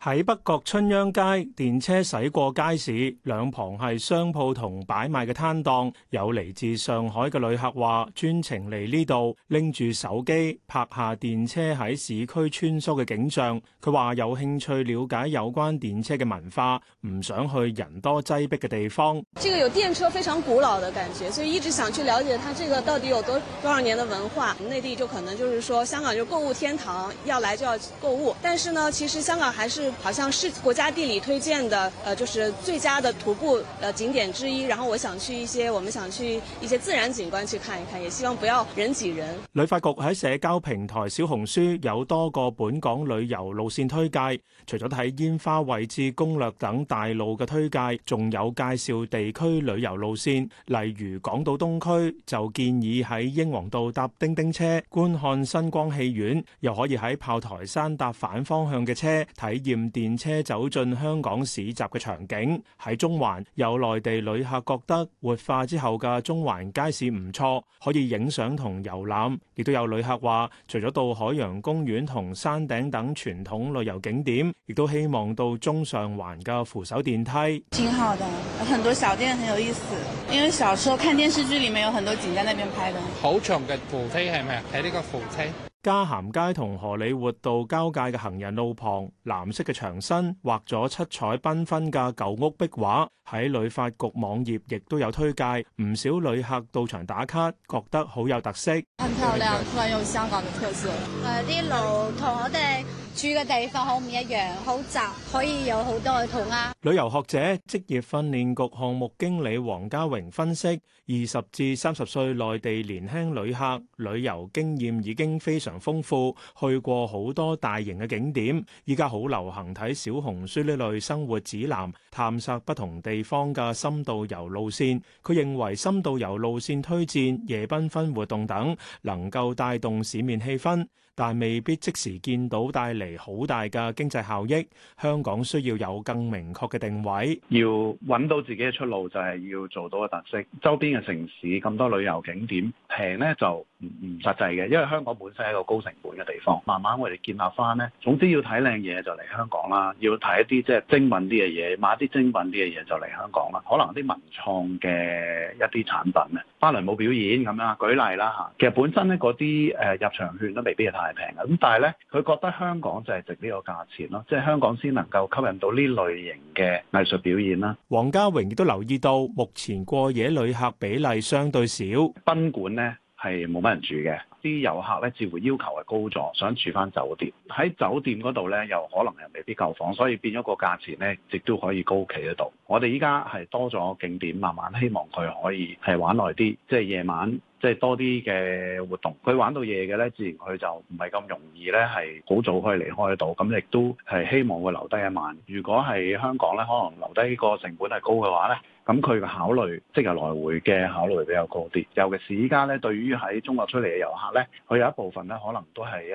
喺北角春秧街，電車駛過街市，兩旁係商鋪同擺賣嘅攤檔。有嚟自上海嘅旅客話，專程嚟呢度拎住手機拍下電車喺市區穿梭嘅景象。佢話有興趣了解有關電車嘅文化，唔想去人多擠逼嘅地方。這個有電車非常古老的感覺，所以一直想去了解它，這個到底有多多少年的文化？內地就可能就是說，香港就購物天堂，要來就要購物。但是呢，其實香港還是。好像是國家地理推薦的，呃，就是最佳的徒步呃景點之一。然後我想去一些，我們想去一些自然景觀去看一看，也希望不要人擠人。旅發局喺社交平台小紅書有多個本港旅遊路線推介，除咗睇煙花位置攻略等大路嘅推介，仲有介紹地區旅遊路線，例如港島東區就建議喺英皇道搭叮叮車觀看新光戲院，又可以喺炮台山搭反方向嘅車體驗。電車走進香港市集嘅場景。喺中環有內地旅客覺得活化之後嘅中環街市唔錯，可以影相同遊覽，亦都有旅客話，除咗到海洋公園同山頂等傳統旅遊景點，亦都希望到中上環嘅扶手電梯。挺好的，有很多小店很有意思，因為小時候看電視劇裏面有很多景在那邊拍的。好長嘅扶梯係咪？喺呢個扶梯。嘉咸街同荷里活道交界嘅行人路旁，藍色嘅牆身畫咗七彩繽紛嘅舊屋壁畫，喺旅發局網頁亦都有推介，唔少旅客到場打卡，覺得好有特色。很漂亮，很有香港嘅特色。誒、呃，啲路同我哋住嘅地方好唔一樣，好窄，可以有好多嘅塗鴉。旅遊學者、職業訓練局項目經理黃家榮分析，二十至三十歲內地年輕旅客旅遊經驗已經非常豐富，去過好多大型嘅景點。依家好流行睇小紅書呢類生活指南，探索不同地方嘅深度遊路線。佢認為深度遊路線推薦、夜繽紛活動等，能夠帶動市面氣氛，但未必即時見到帶嚟好大嘅經濟效益，香港需要有更明確嘅定位，要揾到自己嘅出路，就係要做到嘅特色。周邊嘅城市咁多旅遊景點，平咧就唔實際嘅，因為香港本身係一個高成本嘅地方。慢慢我哋建立翻咧，總之要睇靚嘢就嚟香港啦，要睇一啲即係精品啲嘅嘢，買一啲精品啲嘅嘢就嚟香港啦。可能啲文創嘅一啲產品啊，芭蕾舞表演咁樣舉例啦吓，其實本身呢嗰啲誒入場券，都未必係太平嘅，咁但係咧佢覺得香港。就係值呢個價錢咯，即係香港先能夠吸引到呢類型嘅藝術表演啦。黃家榮亦都留意到，目前過夜旅客比例相對少，賓館呢係冇乜人住嘅，啲遊客呢似乎要求係高咗，想住翻酒店。喺酒店嗰度呢，又可能又未必夠房，所以變咗個價錢呢，亦都可以高企喺度。我哋依家係多咗景點，慢慢希望佢可以係玩耐啲，即係夜晚。即係多啲嘅活動，佢玩到夜嘅呢，自然佢就唔係咁容易呢，係好早可以離開到。咁亦都係希望會留低一晚。如果係香港呢，可能留低個成本係高嘅話呢，咁佢嘅考慮即係來回嘅考慮比較高啲。尤其是而家呢，對於喺中國出嚟嘅遊客呢，佢有一部分呢，可能都係一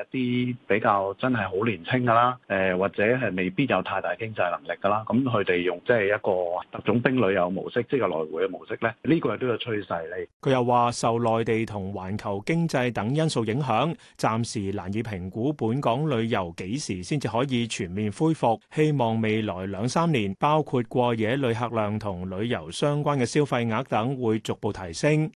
啲比較真係好年輕噶啦，誒或者係未必有太大經濟能力噶啦。咁佢哋用即係一個特種兵旅遊模式，即係來回嘅模式呢，呢個亦都有趨勢咧。佢又話受落。內地同環球經濟等因素影響，暫時難以評估本港旅遊幾時先至可以全面恢復。希望未來兩三年，包括過夜旅客量同旅遊相關嘅消費額等，會逐步提升。